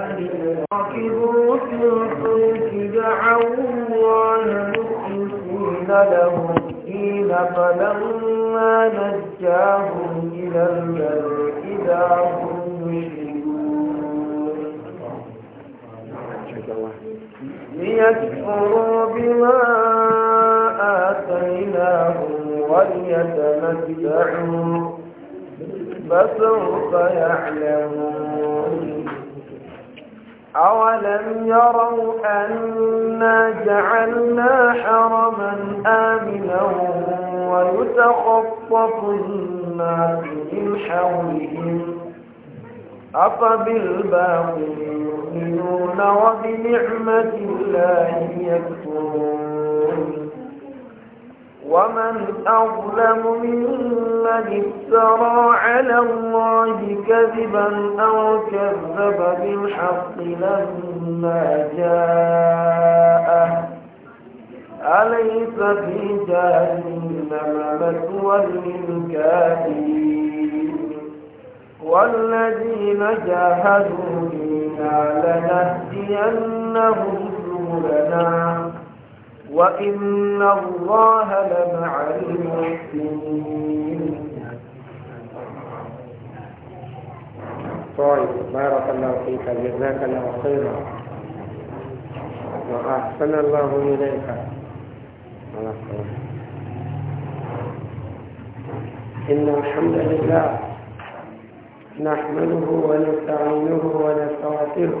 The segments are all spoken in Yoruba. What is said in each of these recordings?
راكبوا في الفلك دعوا الله له الدين فلما نجاهم إلى البر هم يشركون ليكفروا بما آتيناهم وليتمتعوا فسوف يعلمون أولم يروا أنا جعلنا حرما آمنا ويتخطف الناس من حولهم أفبالباطل يؤمنون وبنعمة الله يكفرون ومن أظلم ممن افترى على الله كذبا أو كذب بالحق لما جاءه أليس في جهنم مثوى للكافرين والذين جاهدوا فينا لنهدينهم سبلنا وإن الله لمع المحسنين طيب بارك الله فيك جزاك الله خيرا وأحسن الله إليك إن الحمد لله نحمده ونستعينه ونستغفره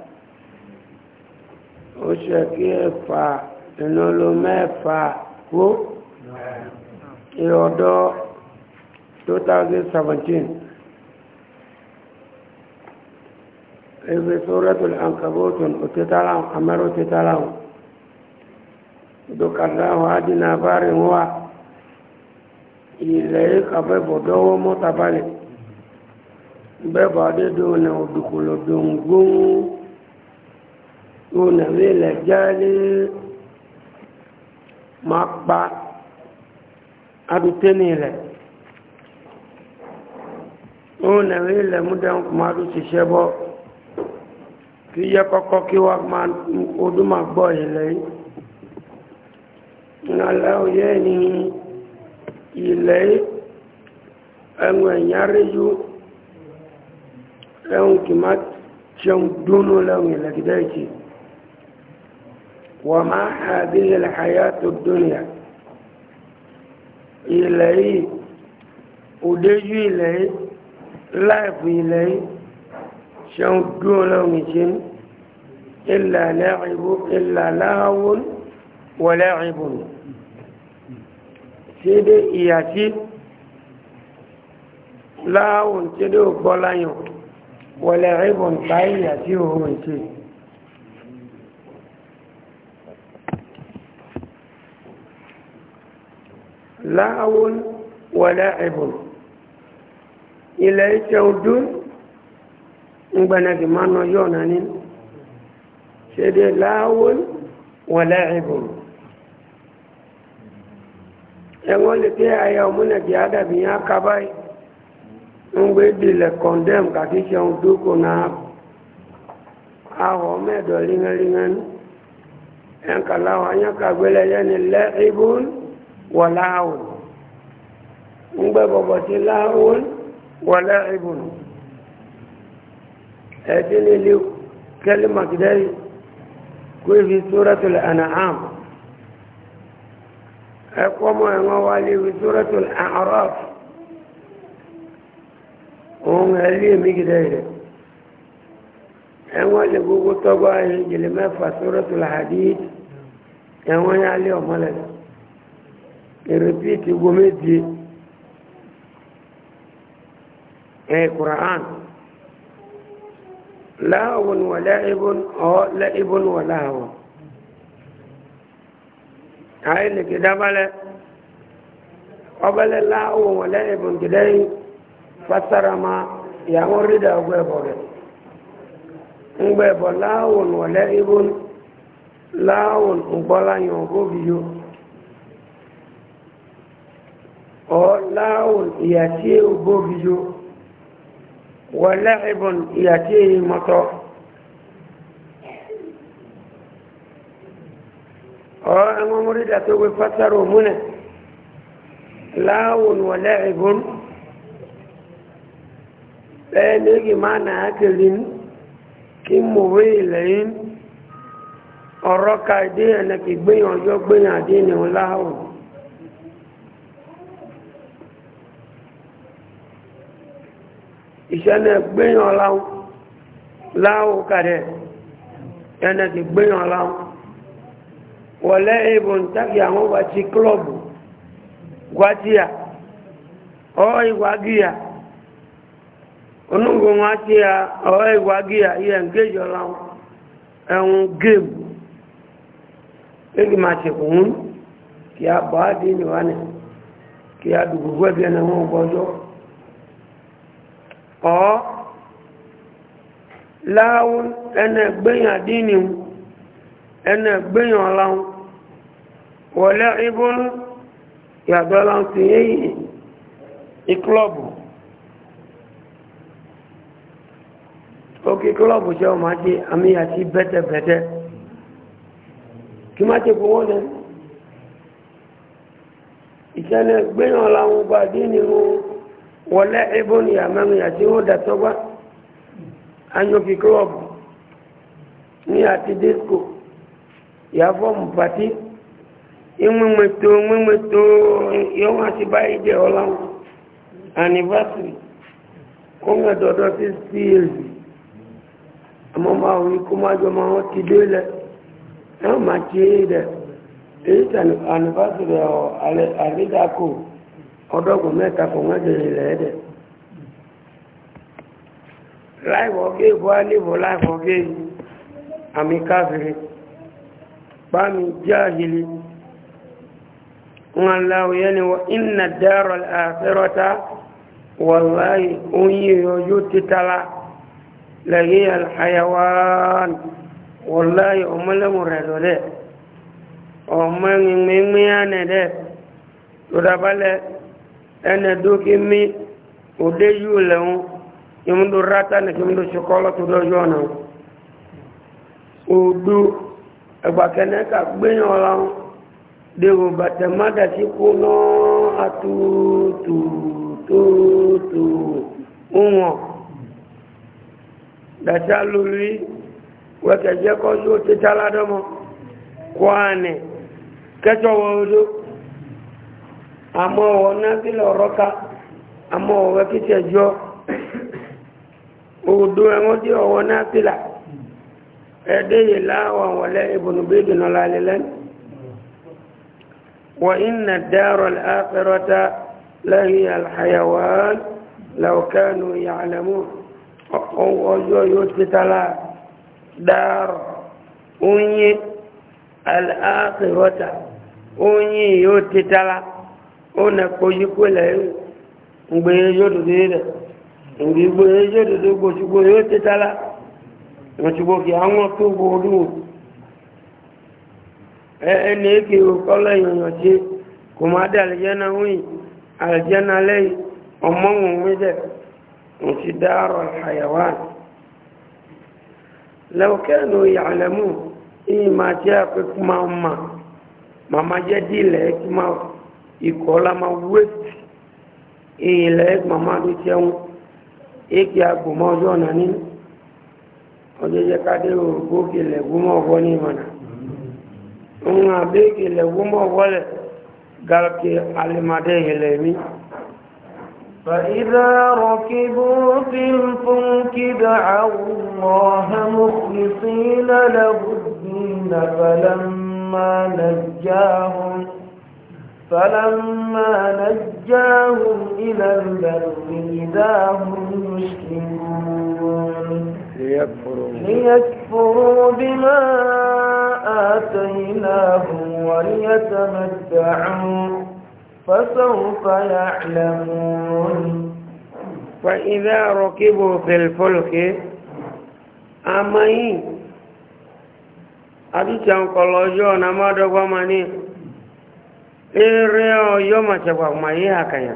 ṣẹ́kí ẹ̀fà ìnáwó mẹ́fà wó ìrọ̀dọ́ 2017 ibi sórẹ́tùl ankabotun òtítàláhùn amẹ́rò títàláhùn dùkàdáhùn adínàbárì wà ilẹ̀ ìkàfẹ́ bọ̀dọ́wọ́ mọ́tàbálẹ̀ bẹ́ẹ̀ bá ní òdùkùlò dòǹgbòǹgbò ònà mílẹ̀ jáde máa pa adùtẹ́ni rẹ̀ ònà mílẹ̀ múdẹ́hùn kò máa dùn ṣiṣẹ́ bọ́ kí yẹ kọ́kọ́ kí wá máa odún máa gbọ́ ilẹ̀ yìí nàlẹ́ òye ni ilẹ̀ yìí ẹ̀wọ̀n ẹ̀yárí yú ẹ̀wọ̀n kì máa ṣeun dúnú lẹ́wọ̀n ilẹ̀ kìdẹ́ ìkìí وما هذه الحياة الدنيا إليه ودجو إليه لايف إليه شنقو لهم يشين إلا لعب إلا لهو ولعب سيدي إياتي لهو سيدي وقبلانيو ولعب باياتي وهو يشين láàwọn wọlé ẹ̀bùn ilẹ̀ iṣẹ́ ọdún ńgbẹ̀nàgì máa nọ yọ̀ náà nínú ṣe dé láàwọn wọlé ẹ̀bùn ẹ̀wọ́n lè pé àyà ọmúnẹ̀kì àdàbí yá kábáyì ń gbé dìlẹ̀ kọ̀ndẹ́m kàkí ṣeun dúkù náà àwọ̀ mẹ́ẹ̀dọ̀ língẹ́língẹ́ ẹ̀ǹkàláwọ̀ anyákàgbélẹ̀ yẹni lẹ́ ibùn wọ láàwò ń gbẹ́ bọ̀bọ̀ tí láàwò wọ lẹ́rìbùn ẹ̀tí nílé kẹ́lí makidari kó fi sórẹ́tùlẹ̀ ànàám ẹ̀kọ́ mọ́ ẹ̀wọ́n wá lé fi sórẹ́tùlẹ̀ àrọ́f òun ẹ̀lí èmi gidẹ́ rẹ̀ ẹ̀wọ́n lè gbogbo tọ́gbọ́ ayé jìlẹ̀ mẹ́fà sórẹ́tùlẹ̀ àdíyí ẹ̀wọ́n yá lé ọmọlẹ́sẹ̀ ìrèpíìtì gbogbo méje ẹ̀ kùrán láàwọn wà ibu ọ̀ láìbọn wà láàwọn àìlèkè dábálẹ̀ ọbẹ̀lẹ̀ láàwọn wà ibu kìdẹ́yìn fasara ma ìyàwó rídà ọgbẹ̀bọ̀ rẹ̀ ngbẹ̀bọ̀ láàwọn wà láìbọn láàwọn ọláhùn ìyà tí ó bóbi yó wọlẹ́ẹ̀bùn ọ ẹmọ múrídà tó wé pátárò múnẹ̀ láhùn máa nà ákìlì kí mò wé ọ̀rọ̀ ka ẹ̀nà kì ní láhùn ìṣẹ́lẹ̀ gbéyàn láhùn láhùn kàrẹ̀ ẹnẹ̀ ti gbéyàn láhùn wọ̀lẹ́ ìbò ń tàkì àwọn wà ti klọ́bù gwájíà ọ́ ìwágíà onúgbò wọn ti à ọ́ ìwágíà yẹ ń kí a bọ́ á dín kí a wọn gbọ́jọ́ ọ́ láwú ẹnẹ gbéyàn dínì ẹnẹ gbéyàn láwú wọlé ibùn yàtọ̀ láwú ti yéyìn ìklọ́bù òkè klọ́bù jẹ́ ọmọ ajé àmì àti bẹ́tẹ̀bẹ́tẹ́ kí má jẹ́ kó wọ́n lẹ́nu ìtẹ́lẹ̀ gbéyàn láwú gbàdínì wọn wọlé ibo ni àmàmì àti ó dàtọ́gbá anyofi club ní àti disco yàfọ́mù pàtí ìmúmẹ̀tò ìmúmẹ̀tò yọ́wọ́n àti báyìí jẹ́ ọláwọ́ anniversary kọ́ngẹ̀ dọ̀dọ̀ sí clb àmọ́ máa wí kó máa jọ máa wọ́n ti délẹ̀ náà máa ti é dẹ̀ èyí ọdọ́gùn mẹ́ta kò wọ́n jẹ́ ilẹ̀ ẹ̀dẹ̀ láìwọ̀ géèbù alébò láìwọ̀ géèbù àmì káfìrí bámi jáhìlì wọn láwòyẹ́ ni wọ́n iná dẹ́rọ àfẹ́rọ́ta wọ̀láyì oyin yọjú títàlá lẹ́yìn alhayawan wọ̀láyì ọmọlẹ́mù rẹ̀ ene doki mi ode yule un yumdu rata ne yumdu chokola tu do jona odu egba kene ka gbeyan ola un de batemada si kuno atu tu tu tu unwo dasha lului weke je ko yo titala domo kwane kecho wo àmọ́ ọ̀nà kí lọ rọ́ká àmọ́ ọ̀wẹ́ kí tẹ̀ jọ òdó ẹ̀wọ́n tí ọ̀wọ́ náà pìlà ẹ̀dẹ́ yìí láwọ̀ wọlé ìbùnúbí ìdùnnà lálẹ́ lẹ́nu wọ́n yóò ti ona kpoyi kwele mgbe yododo ire mgbe igbo yododo gbochigbo ya otetala gbochigbo gị anwụta ugbo oruo na-eke okọlọ yonyochi kụmadị aljana nwunye aljana lei ọmọnwụ nwede nchi daro ikọ̀ la ma wéètì èyìn lẹ́yìn màmá ló jẹun èkì agbòmọ́ ọjọ́ ọ̀nà nínú ọjọ́jẹ́ kádé òrùkó kìlẹ̀ gbọ́mọ̀ ọ̀wọ́ ní ìmọ̀nà ń àbẹ́ kìlẹ̀ gbọ́mọ̀ lẹ̀ gàlùkì alìmọ̀dé ìhìlẹ̀ mi. فإذا ركبوا في الفلك دعوا الله مخلصين له الدين فلما نجاهم فلما نجاهم إلى البر إذا هم يشركون ليكفروا, ليكفروا بما آتيناهم وليتمتعوا فسوف يعلمون فإذا ركبوا في الفلك أمين أدو تنقل جونا ما دقوا منين ere o yo macha kwa ma ye akanya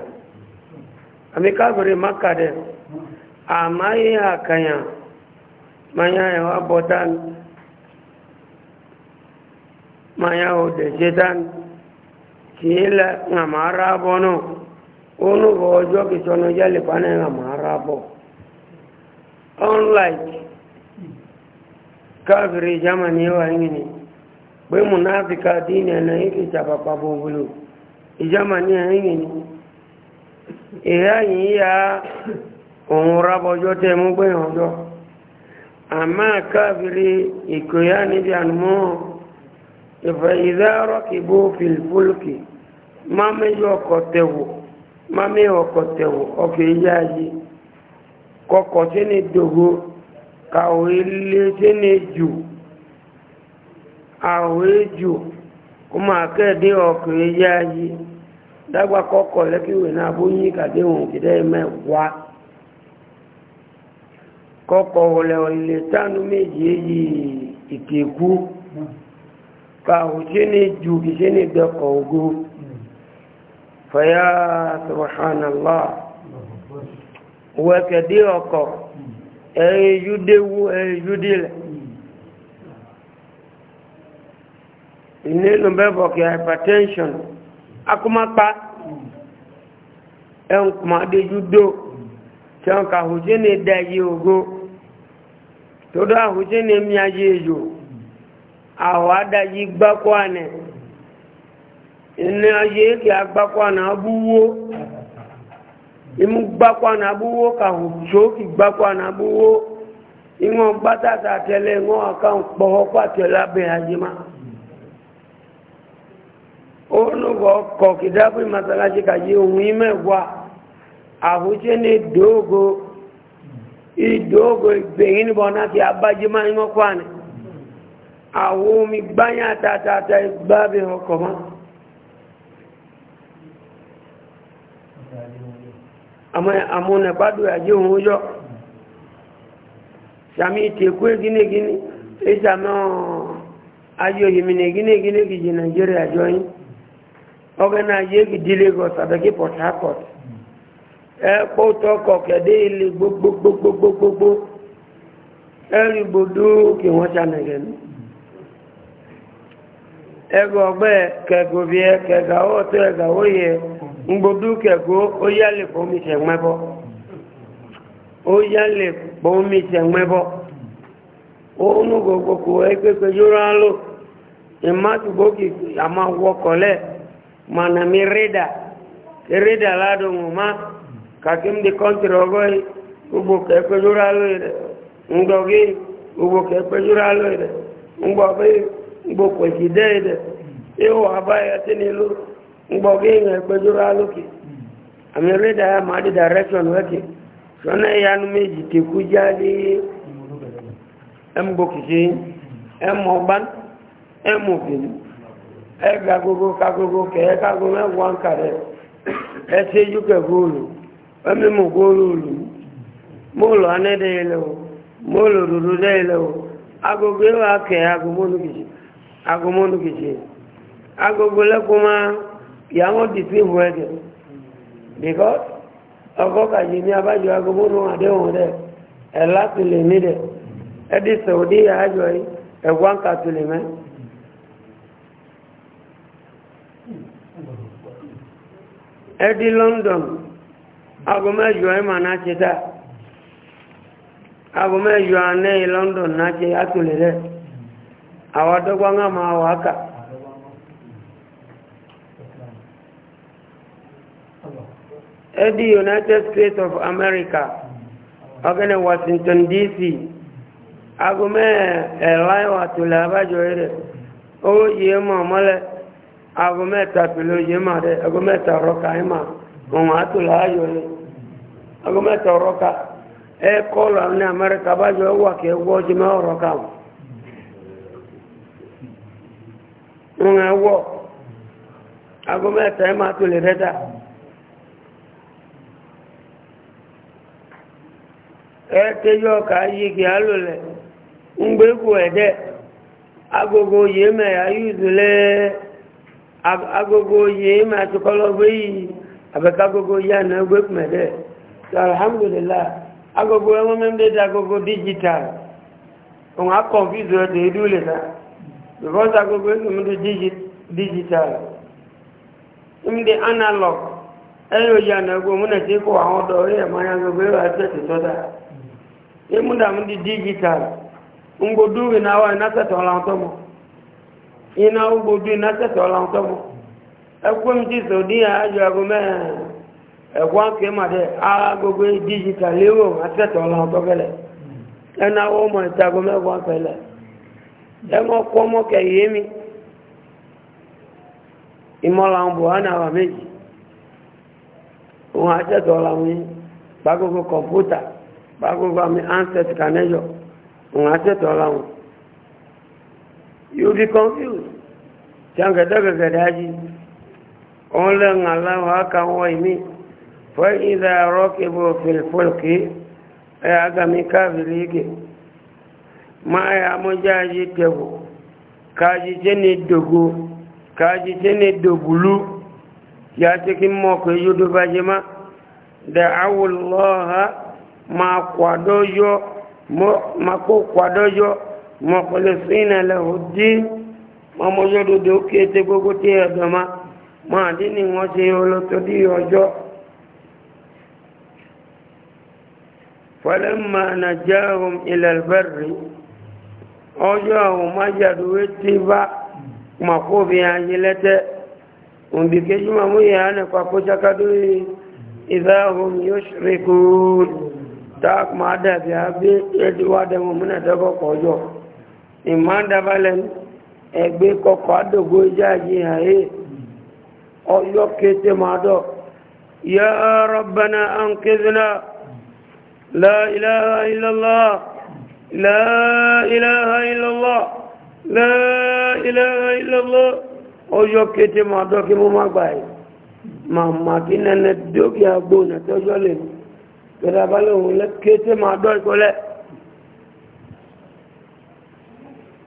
ami kabre makade a ma ye akanya manya ye abotan manya o de jetan kila ngamara bono unu bojo ki sono jale pane ngamara bo unlike kabre jamani yo ngini pé mùnáfíkà dín ẹ̀nà ìkì ìjàpàpà bòbòlò ìjọba ní ẹ̀yìn ni ìyá yìí ya òun rábọjọ́ tẹ mú gbẹ̀yàn ọjọ́ àmá káàbìrì ìkòyà níbi ànúmọ́ ìfẹ̀ ìdárọ́kìbó fìlfúlùkì má mẹ́jọ ọkọ̀ tẹ̀wò má mẹ́jọ ọkọ̀ tẹ̀wò ọkọ̀ ìyá yìí kọkọ̀ sínú ìdògo kàwé ilé sínú ìjù àwọ̀ ejò kó máa kẹ́ẹ̀dé ọkọ̀ eyé dagba dágbà kọ́kọ̀ lẹ́kìwé náà bóyí kàdé òun kìdẹ́ mẹ́wà kọ́kọ̀ wọlé ọ̀lẹ̀ tánú méjì èyí ìkèkú kàwọ̀ tí ní ju kìí ní dẹ́kọ̀ ogó fẹ̀yà sọ̀rọ̀hánàlá wẹ̀kẹ̀dé ọkọ̀ ìnílò bẹ́bọ̀ kí hypertension akúmápá ẹn kùmá déjú dó tí wọn kà hùjẹ́ ní na ògo ayé kí agbákọ́ ànà abúwó ka gbákọ́ ànà abúwó kà hùjọ́ kì gbákọ́ ànà abúwó ìwọ̀n gbátàtà tẹ́lẹ̀ ìwọ̀n àkàǹpọ̀ onugo kokidabu masalaji kaji umime wa abuche ni dogo idogo gbẹ̀yìn níbọn náà ti abájímá ìwọ́n kwà ní àwọn omi gbáyà tàtàtà ìgbàbí ọkọ̀ mọ́ àmúnẹ̀pàdù àjí òun yọ́ sàmì ìtẹ̀kú gínégíní ìsàmì ayò ìmìnà gínégíní kìí nàìjíríà jọ yìí oge yebi di lagos abegi port harcourt ẹkpọ tọkọ kẹdẹ ilé gbogbogbogbogbogbo ẹrù ibodò kí wọn ṣànàgẹ nù ẹgbẹ ọgbẹ ẹ kẹgàwọ tó ẹgàwọ yẹ ngbodò ó yálè fọmi sẹgbẹbọ ó yálè mana mi reda reda la do ma kakim di kontro goy ubo ke ko jura lo ndo gi ubo ke ko jura lo ide ngbo be ngbo ko ki de ide e o abaya tini lu ngbo gi nge ko jura lo ki ami ya ma di direction wake sona ya nu meji ti ku jali em bo ki em mo ban em mo bi ẹgbẹ́ agogo kagogo kẹ̀ẹ́ kago mẹ́wàá ń kàrẹ́ ẹtí ejú kẹ̀góòlù ẹmí mú góòlù mọ́ọ̀lù anẹ́dẹ́ ilẹ̀ o o agogo ẹwà kẹ̀ẹ́ agomọ́nù kìí agogo lẹ́kọ́ máa yàwó dìtì ìwọ̀ ẹ̀dẹ̀ because ọkọ̀ kàjí ní abájọ agomọ́nù àdéhùn rẹ̀ yìí ɛdi london abò mɛ ɛdzɔ yɛ ma n'atsi ta abò mɛ ɛdzɔ anɛ yi london n'atsi atule awa dɔ bɔ ŋa ma awa ka ɛdi united states of america ɔkɛnɛ washington dc abò mɛ ɛlayi eh, wa tule abadzɔ o yie ma ɔmɔlɛ. aago mẹ́ta pẹ̀lú yé máa dẹ aago mẹ́ta ọ̀rọ̀ka ẹ̀ máa òun àtò láàyò ni aago mẹ́ta ọ̀rọ̀ka ẹ kọ́ọ̀lù àwọn ní amẹ́ríkà bá yọ wà kí ẹ wọ́ jẹ́ mẹ́ ẹ wọ́ aago mẹ́ta máa lè ń agogo yìí máa ti kọ́lọ́ gbé yìí àbẹ̀ká agogo na àná gbé pẹ̀lẹ́ so alhamdulillah agogo ẹwọ́n mẹ́mdé dá agogo digital òun á kọ̀nfíìsì rẹ̀ tèédú lè ta because agogo ẹgbẹ̀mọ́dé digital mẹ́mdé analog ẹ̀yìn òyì àná gbé múnà tí kò àwọn ọ̀dọ́ orí ya máa agogo ẹ̀rọ àtẹ̀tẹ̀ tọ́ta digital náà ina ugbo iná n'asịsị ọla tó mú ẹkú mi ti sọ ní àjọ ẹgbẹ́ mẹ́rin ẹ̀kọ́ àkè màdé ara asịsị ọla lérò àtẹ̀tẹ̀ ọlọ́run ụmụ fẹ́lẹ̀ ẹná owó mọ̀ ìtago mẹ́wàá fẹ́lẹ̀ ẹmọ kọ́ mi ọla you be confused changa daga gadaji onlan Allah haka wai mi fa idha rakibu fil fulki ya e ga mi kafiri ke ma ya e mu jaji tebo kaji jene dogo kaji jene dogulu ya cikin mako yudu bajima da awullaha ma kwadoyo ma ko kwadoyo mọ̀kọ̀lẹ́sìn lẹ́hùn dí mọ́mọ́jọ́dodo kí ete gbogbo tí ẹ̀dọ̀ ma máa dín ní wọ́n ṣe olótòdí ọjọ́ fọlẹ́mà nàìjíríàhùn ilẹ̀lbẹ̀rẹ̀ ọjọ́ àwọn májàdúwé tí bá mọ̀kóbi ayé lẹ́tẹ́ òǹbìkejì mọ̀mú yàrá nípa kó ṣakadó ìdáhùn yóò ṣe kúrú táàkùn máa dàbí abẹ́ ẹ̀díwádẹ́mọ̀múnà dẹ́kọ̀ọ́ ọjọ́ ìmọ̀dábalẹ̀ ẹgbẹ́ kọkọ̀ àdògbò jáàjì àyè ọyọ́ kété máa dọ̀ yá rọ̀bẹ̀nà àǹkẹ́sìnà láìláha ìlọ́lá láìláha ìlọ́lá láìláha ìlọ́lá ọyọ́ kété máa dọ̀ kí mú má gbà yìí màmá kí nẹ́nẹ́ dókè àgbò nà tọ́jọ́ lè ní pẹ̀lú abalẹ̀ òun lẹ́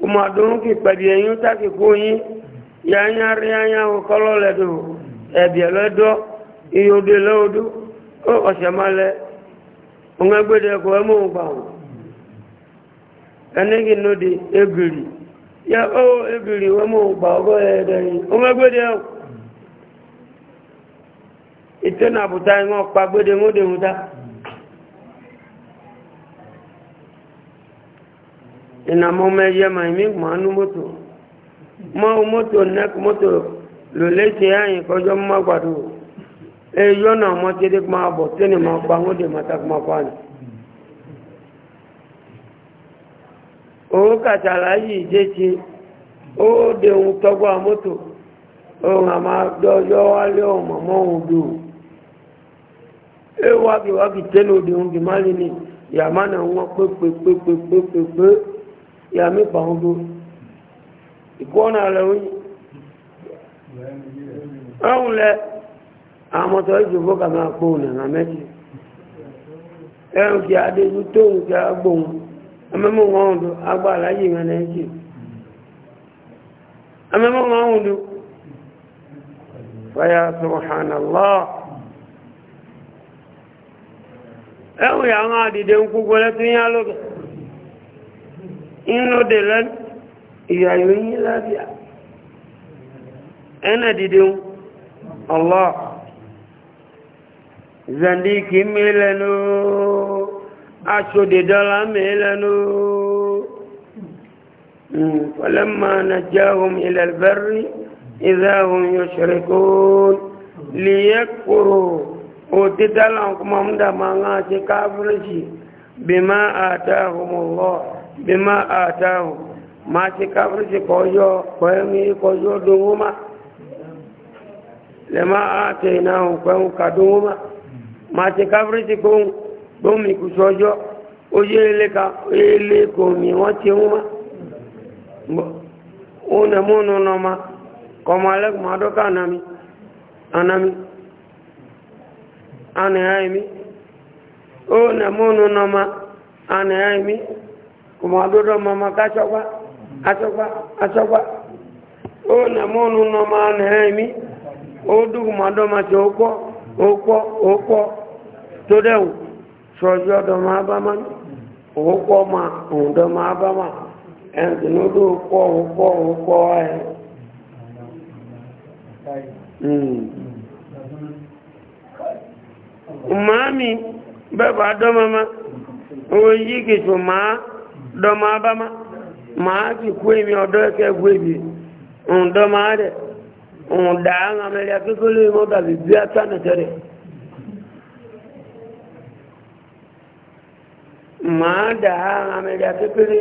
kuma don ki pẹ̀lú ẹ̀yún tàkì kó ya anya rí yányá kọ́lọ́ ledo ẹ̀bẹ̀ lẹ́dọ̀ ìyóde lẹ́odó ó ọ̀sẹ̀ máa lẹ òun ẹgbẹ́dẹ ẹ̀kọ́ ẹ̀ mọ̀ gbà egiri ina mo me ye ma mi ma nu moto mo moto nek moto lo le ti ya yin ko jo ma gba do e yo na mo ti de ma ma gba ngo de ni o ka ta la yi je ti o de un to moto o ma ma do yo wa le o mo mo o do e wa bi wa ni ya ma na won pe pe pe pe pe ya mi pa hudu ìkọ́nà rẹ̀ wí ọ̀hún lẹ àwọn ọ̀tọ̀ ìjòkó pọ̀ nìyà méjì ẹ̀rùn kí adéjú tó ń kí agbóhun amẹ́mọ́ wọn ọ̀dọ̀ agbá aláyé ìrìn ẹ̀jì amẹ́mọ́ wọn ọ̀dọ̀ fẹ́yà sọ̀hánàlá ẹ̀rùn yà wọn inú dè lẹ́ ìyàyò yín lábíà ẹnà dìde ọlọ́ zandiki mi lẹ́nu aṣòdìdọ́lá mi lẹ́nu فلما نجاهم إلى البر إذا هم يشركون ليكفروا وتتلعكم هم دماغا كافرشي بما آتاهم الله mímá àtàwọn máa ti káfíríṣì kọjọ́ pẹ̀mí kọjọ́ dúnwó má lẹ́má àtẹ ìnáhùn pẹ̀hùn kàdúnwó má máa ti káfíríṣì kóhùn gbóhùn ìkùsọ́jọ́ ka ilé kò mí wọ́n ti wọ́n má une munu noma komale madoka anami anami ane aimi une munu noma ane aimi kuma adodo mama ka chokwa achokwa achokwa o na monu no ma na mi o du ma do ma choko okwo okwo to de o so jo do ma ba ma okwo ma o do ma ba ma en de no do mm mami do mama o yi dọ́mọ abámá maa kì kú èmi ọ̀dọ́ ẹ̀kẹ́ ẹ̀gbọ́ èmi ń dọ́mọ adẹ̀ ń dà á ń amẹ́lẹ́ akékòló ìmọ̀ dàbí bí atánẹ̀tẹ̀ rẹ̀ máa dà á ń maa akékòló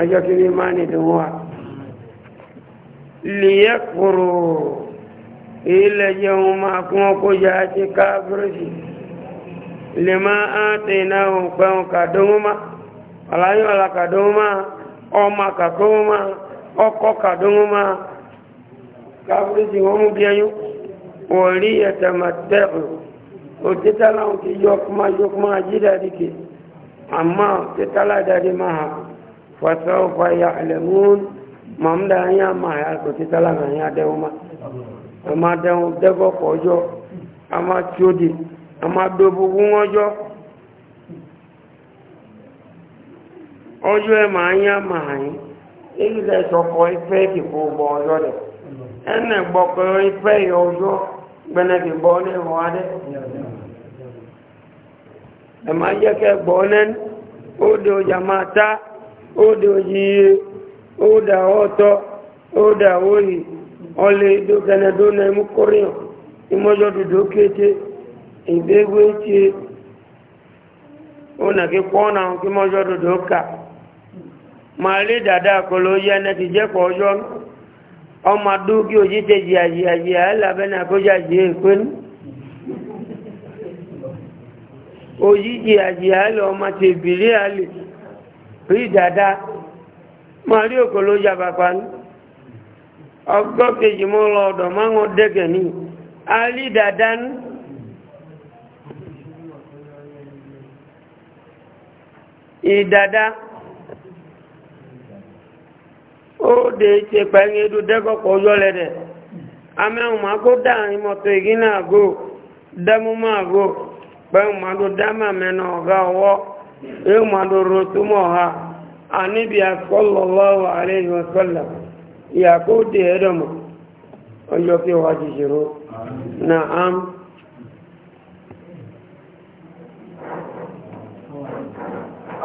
ọ̀yà kí kiri kí ilẹ̀ jẹun máa kún ọkọ̀ yá ti káàbírìsì lè máa áti náà pẹ̀hùn kàdóhùnmá aláyọ̀lá kàdóhùnmá ọmọ kàkóhùnmá ọkọ̀ kàdóhùnmá káàbírìsì wọ́n mú bí ẹyún wọ̀rí ẹ̀tẹ̀mọ̀tẹ́rù òtítàlá òkè yọkùnmá yọkùnmá ajídàdìkè àmọ́ òtítàlá dàdí hà fọ́sọ́ ma dẹ̀hùn dẹ́gọ́kọ̀ ọjọ́ a ma tí ó a ma dóbò wún ọjọ́ ẹ ma yá ma yín èyí lẹ sọkọ ìdìbò bọ ọjọ́ rẹ̀ ẹnẹ gbọkọ ifẹ́ ìyọ ọjọ́ gbẹnẹkì bọ́ ní ìwọ̀n adé ẹ kẹ́ gbọ́ ó ọjà máa ta wọ́n lè dó gẹnẹ̀dó náà mú kọ́ríyàn ìmọ́jọ́ dúdú kéte ìgbégbé tí ó nà kí pọ́n náà kí mọ́jọ́ dúdú ká máa lé dada kọlọ yẹ ẹni tí jẹ́ pọ̀ ọjọ́ ọmọ adó kí òjì tẹ jì àjì àjì àyè lábẹ́ náà kó jà jì èkó ní. òjì jì àjì àyè ọmọ tí ìbílẹ̀ àlè rí dada máa rí òkòló jà bàbá náà. ọgbọ́ kejì mọ́ lọ ọ̀dọ̀ máa ń dẹ́gẹ̀ ní alídàdánú ìdàdá ó dé ṣe pẹ̀lú edu dẹ́kọ̀kọ̀ yọ́lẹ̀ rẹ̀ amẹ́hùn máa kó dáàrin mọ́tò ìgínà àgó dẹ́mú máa gó pẹ̀lú máa ló dámà mẹ́nà ọ̀gá ọwọ́ yóò máa ló rotúmọ̀ ha àníbi àkọlọ̀lọ́wọ̀ àrẹ́ ìwọ̀sọ́lẹ̀ ìyàkó dé ẹ̀dọ̀mọ̀ ọjọ́ kí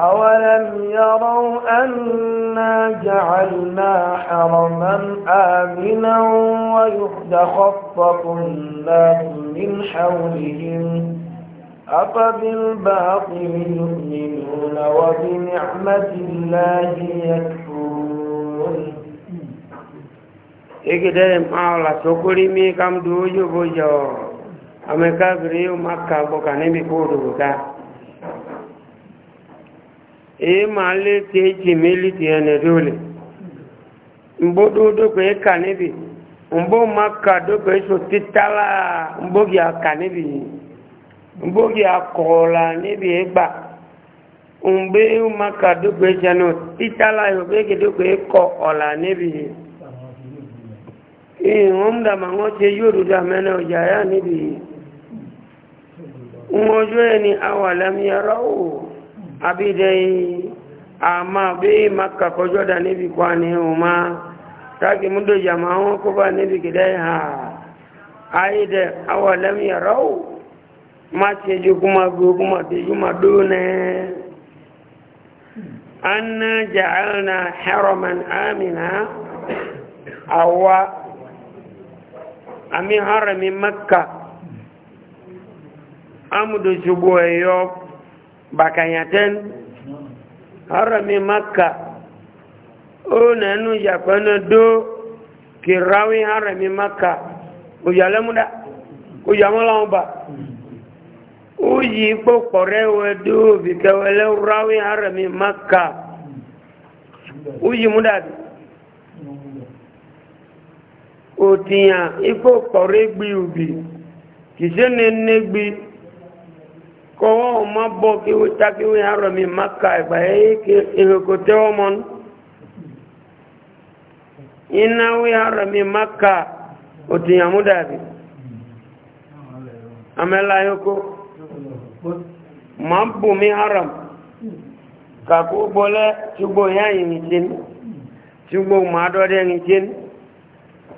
أولم يروا أنا جعلنا حرما آمنا ويتخطف الناس من حولهم أفبالباطل يؤمنون وبنعمة الله يكفرون egidere mkpaala sokori mi kam du oyo boyo ameka giri maka boka nemi kodo ka e ma le te ji meli ti ene dole mbo do do ko ka nebi mbo maka do ko so titala mbo gi aka nebi mbo gi akola nebi e gba mbe maka do ko e titala yo be ke do ko e ko nebi ìwọ̀n dàmà wọ́n ṣe yóò dúdà mẹ́nà ọjà yá níbi wọ́n jó ẹni awàlámiyàrá ò àbídẹ́yìn àmà bí maka kọjọ́ dà níbi kwa ní ọmọ táàkì múdò jàmà wọn kó bá níbi kìdẹ́ ha àìdẹ̀ awàlámiyàrá ò má ṣe jù kúmà gbó kúmà tẹ́jú má dónẹ́ anna ja'alna haraman amina awa Ami harami mẹ́kà amúdó ṣubú ẹ̀yọ́ bàkànyàtẹ́n harami mẹ́kà ó nẹ́nu yàpẹ́nu dó kìráwí harami mẹ́kà òyàlẹ́múdá òyàmọ́láwọn bá ó yí pọ́pọ̀ rẹ̀ wẹ́ dó bìkẹ́wẹ́lẹ́ ráwí harami mẹ́kà ó yí múdàbí otinya ikpe kpọrọ egbi ubi kìsẹ́ ní nẹ́gbi kọwọ́ ọmọ ka iweta wọ́n takiwé arọ mi maka ẹ̀gbà ẹ̀hẹ́kọtẹ́ e e ọmọ iná arọ mi maka otinya mú dàbí amẹ́la yókó ma ń ka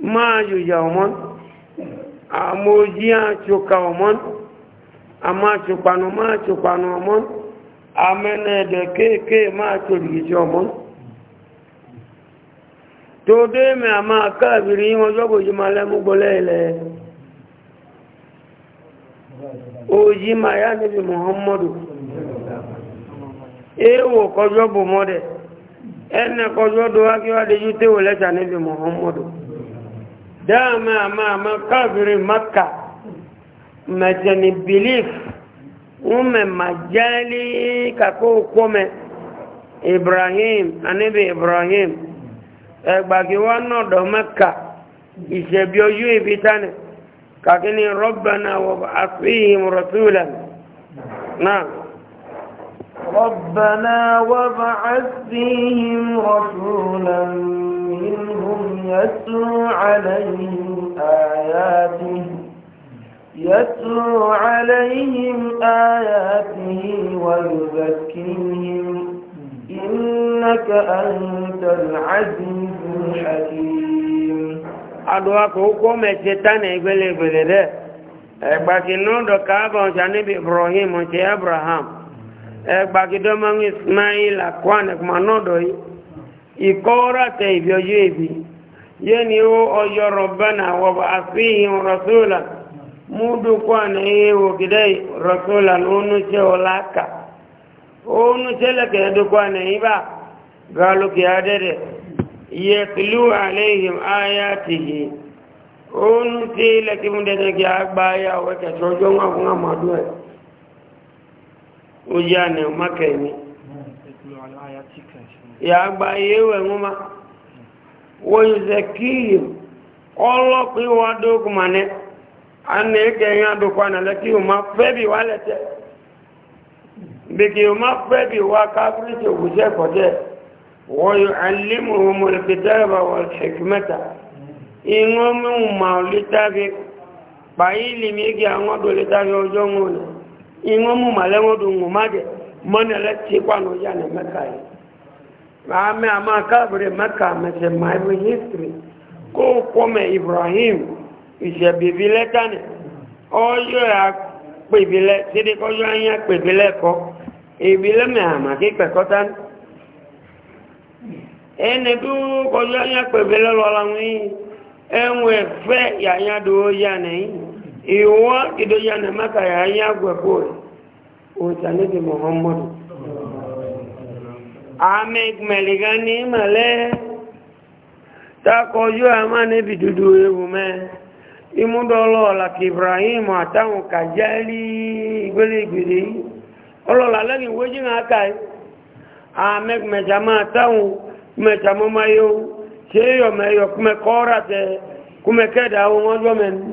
máa yòyà ọmọ àmójí àtúkà ọmọ àmàtúpanu máa túpanu ọmọ àmẹ́nẹ̀ẹ̀dẹ̀ kéèké máa tòrìgìtì ọmọ tó dé mẹ́ àmà káàbìrì wọn jọ́gbò yí máa lẹ́múgbọ́lẹ́ ilẹ̀ òyí máa yá níbi muhammadu èèwò kọjọ́ bò mọ́dẹ̀ ẹnẹ kọjọ́ dọ́wákíwádé yú téwò lẹ́ta níbi muhammadu dama mama kafiri maka majani belief ume majali kako ukome ibrahim anibi ibrahim egbagi wa nodo maka isebi oju ibitane kakini rabbana wa asfihim rasulan na ربنا وابعث فيهم رسولا منهم يتلو عليهم آياته يتلو عليهم آياته ويزكيهم إنك أنت العزيز الحكيم أدواك هو مجتان إبلي بلده ẹgbàkínú dọ̀ka bọ̀ǹṣà níbi ibrahim ṣe abraham ẹgbàgídọ́mọ́n ismail akwanekmanodo ìkọ́rọ̀tẹ̀ ìbíọjú èbí yẹ́ ni ó ọyọ rọ̀bẹ́nà wọ̀bọ̀ àfihàn rọ̀súlà múdùkwọ́nà ihò gidẹ́ rọ̀súlà lónúṣẹ́ ọláka ónúṣẹ́ lẹ́kẹ̀ẹ́dùkwọ́nà ibà gálùkì adẹ́dẹ̀ yẹ tìlú àlẹ́yìn ayátìhì ónúṣẹ́ lẹ́kẹ̀ẹ́dùkwọ́nà ibà gbáyà wẹ́kẹ̀ ó yá ni ọmọ kẹ́ni Ya yíwẹ̀ ihe wọ́n ṣe kíyì ọlọ́pìn wá dókùnmà ní a ní kẹ́yìn àdókùn ànàlẹ́ kí o máa fẹ́ bí wá o fẹ́ bí wá káfíríṣì òkúṣẹ́ kọjẹ́ wọ́n yóò alímù ọmọlẹ́kẹtẹ́rẹ̀bà wọ́n ṣẹ̀kúmẹ́ta ìwọ́n mú màá pàyí lè kí àwọn ọdún inwe mụ ma lenwodu nwu gị mọnụ na na emeka ya ma ame ama kabiri mese ma histri ko kwome ibrahim ìṣẹ̀bìbí lẹ́tàní ọyọ́ àpèbílẹ̀ sídíkọ́yọ́ ayé àpèbílẹ̀ kọ́ ìbílẹ̀ mẹ́hàmà kí pẹ̀kọ́tà ẹni dúró kọjọ́ ayé àpèbílẹ̀ ìwọ́ ìdójá nà máka yà á yá gbẹ̀bú rẹ̀ ní màlẹ́ takọjú àmà níbi dúdú ewu mẹ́ imúdọ́lọ́ ọ̀làkì ibrahim àtàwọn kàjálí ìgbélégbèlé ọlọ́lá lẹ́yìn wéjì náà káì ahmed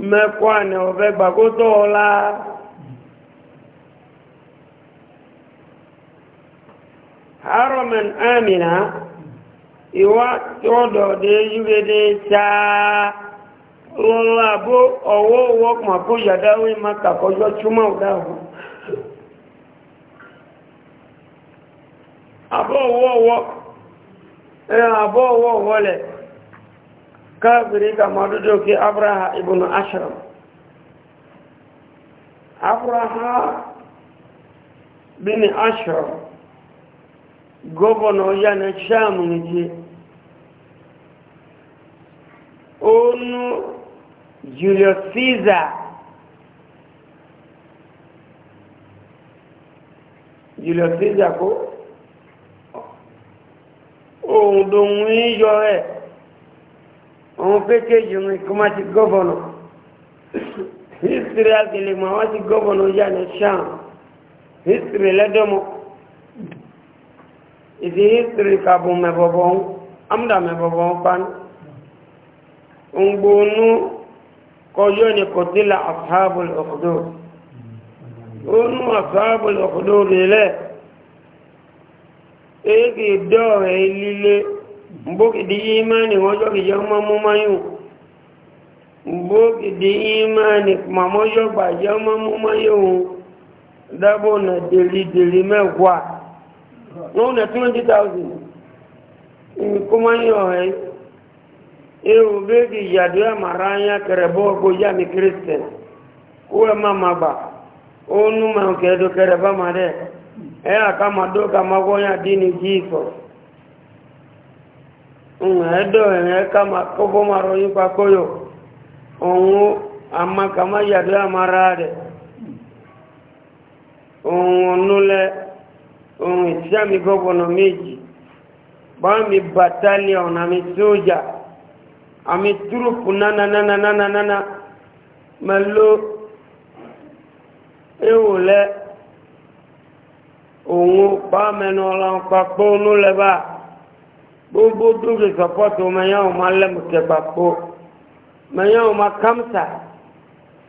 mẹ́kọ́ àná ọ̀fẹ́ gbàkótó ọ̀la haromen amina ìwá tọ́dọ̀dé yúgede sáà lọ́la bó ọwọ́ wọ́pọ̀ kó yàdáwé ma maka dáhùn àbọ̀ ọwọ́ wọ́ ẹ̀ owó owó wọ́lẹ̀ ga kàmọ́ dúdú kí abraha ibùnú ashram abraha bíní ashram gómìnà yánà sáàmù nìyí onu julius caesar julius caesar kó ohun tó yọ òun pékèjì mi kó má ti gọ́vọ̀nà history agele mọ̀ àwọn ti gọ́vọ̀nà yà ní sàn history lẹ́dọ̀mọ́ ìdí history kàbù mẹ́bọ̀bọ̀ ń amúdà mẹ́bọ̀bọ̀ ń pan ń gbóònú kọjọ́ ni kò tí la àfáàbùl ọ̀kọ̀dọ̀ ó àfáàbùl ọ̀kọ̀dọ̀ rẹ̀ lẹ́ èyí kì í dọ́ọ̀rẹ̀ líle mbókìdí ìmáni ọjọ́ ìjọ mọ́mú mayún mbókìdí ìmáni mọ́mọ́jọ́ gbàjọ́ mọ́mú mayún dábò na dèrìdèrì mẹ́wàá wọ́n na 20,000 ìkó mayún ọ̀hẹ́ ihò bẹ́ẹ̀kì ìyàdó àmàrà anya kẹrẹ̀bọ́ ọgbójá mi kírísítẹ̀n kó ẹ e má ma bà ó nú mọ̀ kẹ́ẹ̀dọ́ kẹrẹ̀bá ma dẹ̀ ẹ̀ àkàmàdó kàmàgbọ́nyà dín ní jíìsọ̀rọ̀ ẹ̀ẹ́dọ̀ ẹ̀ẹ́ kama kókó ma rọ yípa kóyò òun àmà kama yàdó àmàrà rẹ̀ òun ọ̀núlẹ̀ òun ìsíàmì gọ́gọ́nà méjì bá mi bàtálíọ̀n àmì sójà àmì túrùpù nánanánanánánánà mẹ́ló éwò lẹ́ òun bá mẹ́nu ọ̀la ọ̀pá pé òun lẹ́ gbogbo tó ṣe sọpọ́tù mẹ́yàn ọmọ alẹ́mùkẹ́gbà kó mẹ́yàn ọmọ kámsà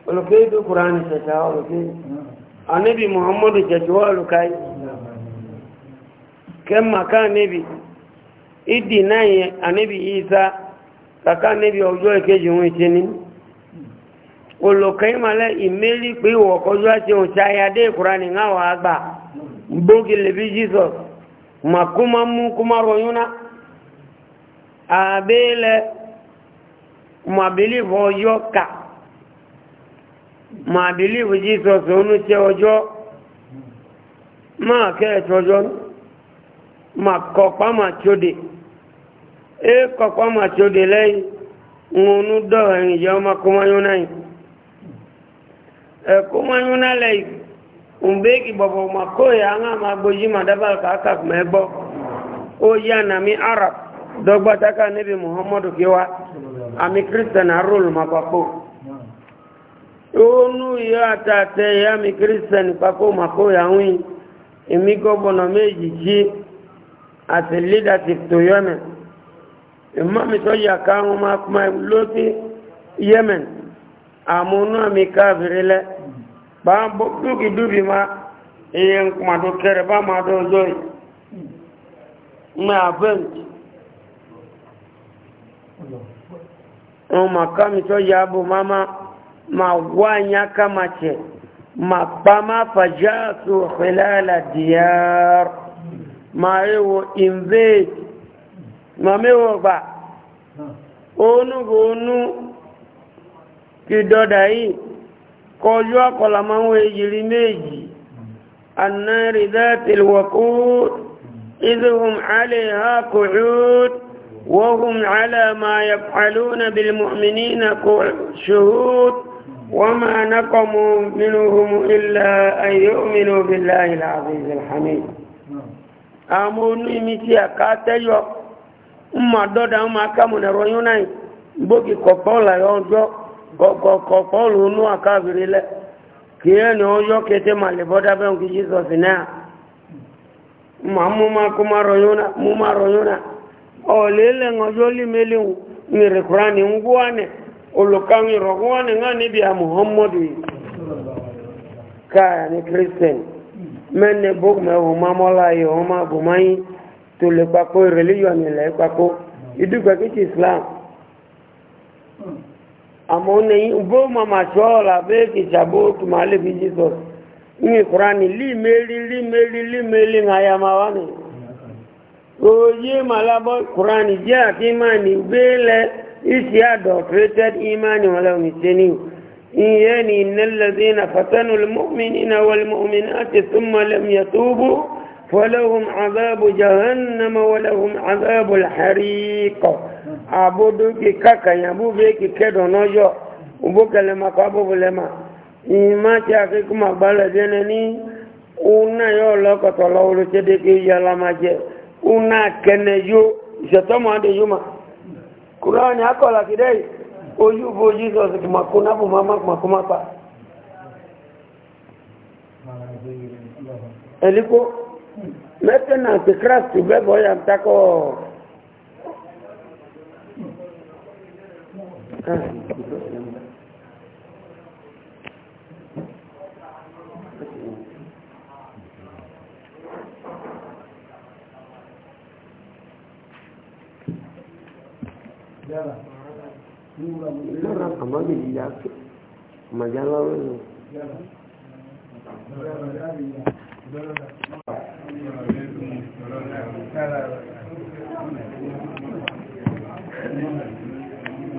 olùkẹ́ ìdó kùránì ṣẹ̀ṣà olùkẹ́ àníbi muhammadu ṣẹ̀ṣùwọ́ olùkẹ́ kẹ́màká níbi ìdì náà yẹn àníbi ìsá kàká níbi ọjọ́ ìkejì wọn ṣe ní olùkẹ́ ìmọ̀lẹ́ ìmẹ́lì pé ìwọ̀kọ́jọ́ àti òṣàyàdé kùránì náà wà á gbà gbógi lè bí jesus màkúmámú kúmáròyún náà abele ma believe ojo ka ma believe jesus onu che ojo ma ke ojo ma ko pa ma chode e ko pa ma chode lei ngunu do en yo ma kuma yuna e kuma yuna lei umbeki babo makoya anga maboji madabal ka ka mebo o ya na mi arab dọ́gba taka níbi muhammadu kíwá àmì kírísítẹ̀nì arúlù máa papò ònú ìyá àtàtẹ ìyá mi kírísítẹ̀nì papò màkó yàwìn èmi gọ́bọ̀nà méjì jí àti leadership tó yọ́nà ìmọ̀mí sọ́jà káwọn máa kuma lóti yemen àmúnú àmì káfìrí lẹ bá dúkì dúbì máa iye nkùmàdó kẹrẹ bá máa dọ́ ọjọ́ yìí máa bẹ́ẹ̀ wọn ma ká mi tó ya bò má má ma wá nyá ká ma tẹ ma kpa má fàjá tó xilá la diyaar ma ye wo invade ma mi wo gba onu ko onu kì dọ́dà yìí kọjú akọ̀là máa ń wo èyìrí méjì anárìdá tìlwọ̀kú ha kò وهم على ما يفعلون بالمؤمنين شهود وما نقموا منهم إلا أن يؤمنوا بالله العزيز الحميد amonu imiti akateyo mma doda mma aka mu nero yunai gbogi kọpọla ya ọjọ kọpọla onu akabiri lẹ kìí ni ọjọ kété ma lè bọ́dá bẹ́ẹ̀ olele ngojoli meli ngire Qur'ani ngwane olokangi rogwane ngani bia Muhammadu kaya ni Christian mene bok me o mamola yo o ma gumai to le papo religion le papo idu kwa kichi Islam amone bo mama chola be kichabo tumale bi Jesus ni Qur'ani li meli li meli li meli ngaya mawani oye malabo kurani jẹ́ àti imani gbélẹ̀ isi adulterated imani wọn lẹ́wọ̀n ìṣẹ́ni ìyẹ́ ni nílẹ̀dí na fatanu lmọ́mìnì na wọlmọ́mìnì àti súnmọ́ lẹ́mìyà túbú fọlẹ́hùn azábù jahannama wọlẹ́hùn azábù lẹ́xẹ̀ríkọ̀ àbúdó kí kákàyàbú bẹ́ẹ̀ kí ubókẹlẹ́mà kọ́ abúbulẹ́mà ìmá tí a kí kúmà gbálẹ̀ dẹ́nẹ́ ní òun náà yóò lọ́kọ̀tọ̀ lọ́wọ́lọ́ una kene yo ìṣẹ̀tọ́mọ̀ adé yóò ma kùránì akọ̀lá kìdẹ́ ojú bo jesus kìmàkó náàbò máa kìmàkó máa pa ẹ̀líkó mẹ́tẹ̀nà ti christ bẹ́bọ̀ ya takọ̀ Thank ah. you. Jara kama bi ya ke majala wani. Thank you.